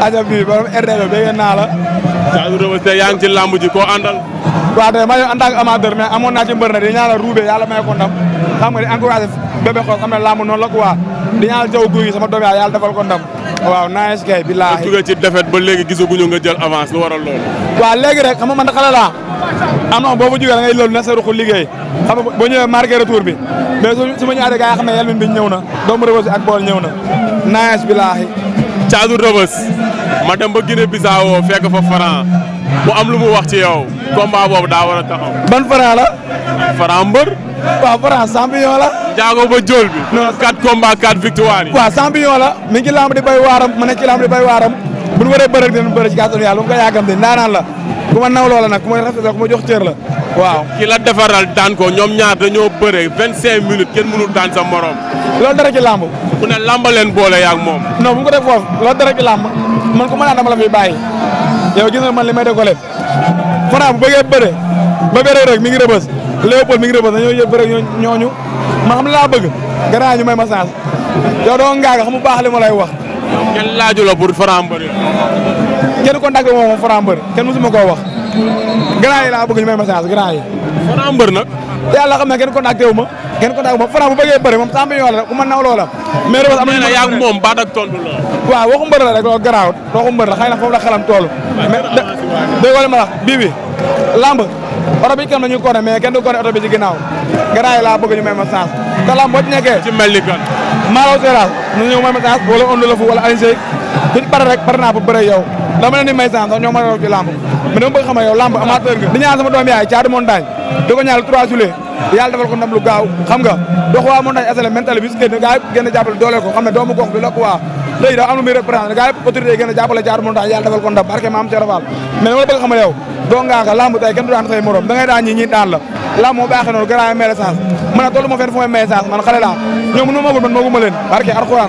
ajab bi borom RDB bëgg naa la. Thiatou Rebeus tey yaa ngi ci làmb ji koo àndal. waaw tey man en tant que amateur mais amoon naa ci mbër na di ñaanal Roubé yàlla may ko ndam xam nga di encouragé bébé xool xam ne làmb noonu la quoi di ñaanal jaww gi sama doom yaa yàlla defal ko ndam. waaw nice kay billaahi. nga ci defet ba léegi gisaguñu nga jël avance lu waral loolu. waaw léegi rek xam nga man da xale laa am na boo fa jógee da ngay loolu na sa ruqu liggéey xam nga boo ñëwee marqué retour bi mais su ma ñëwaatee gars yi xam ne yelmin bi ñëw na doomu Rebeus ak bool ñëw na nice billaahi caatu rëbës ma dem ba Guinée Bissau fekk fa Franc mu am lu mu wax ci boobu daa war taxaw. ban Franc la. Franc mbër. waaw Franc champion la. jaago jool bi. non 4 combats 4 victoires yi. waaw la mi ngi lamb di bay waaram ma ne ci lamb di bay waaram. bu ñu waree bëreeg dinañ bëri ci kàttanu yàlla bu ma ko yàkkamte ndaanaan la ku ma nawloo la nag ku ma rafetal ku jox cër la waaw ki la defaral daan ko ñoom ñaar dañoo bëree vingt cinq minutes kenn mënul daan sa morom loolu dara ci làmb ku ne làmb leen boole yaag moom non bu ko def foofu loolu dara ci làmb man ku ma dama la fiy bàyyi yow gis nga man li may deko leen Franc bu bëggee bëre bëggee rek mi ngi rëbës Léopold mi ngi rëbës dañoo yëpp ñooñu ma xam laa bëgg gannaaw ñu may ma chance yow doo ngaa nga xam baax li ma lay wax kenn laaju la pour Franc mbër kenn contacté moom moom Franc kenn mësuma koo wax grand yi laa bëgg ñu may message grand te yàlla xam ne kenn contacté wu ma kenn contacté wu ma Franc bu bëggee bëri moom champion la ku ma naw loola mais Rebeus am na yaa moom baat ak tontu la waaw waxu mbër la rek loolu garaawut waxu mbër la xëy na foofu la toolu mais wala ma wax bii bi lamb oto bi kam la ñu kone mais kenn garaay laa bëgg ñu may ma chance ta lamb boo ci nekkee ci mel ni kan maalaw séeraas nu ñu may ma chance wala Ondou Lafou wala Alioune Seye duñ rek pare naa pour bëre yow dama leen di may sax sax ñoo ma raw ci di ñaan sama doom yaay caadi montagne di ko ñaanal 3 juillet yàlla defal ko lu gaaw xam nga dox waa montagne asale mental bi su génn gaa doomu gox bi la ko waa tey daa am lu muy représenté gaa yëpp autorité yi génn jàppale caadi montagne yàlla barke maam Cheikh Fall mais dama la bëgg xam doo nga lamb tey kenn du daan say morom da ngay daan ñi ñi daan la lamb moo baaxee a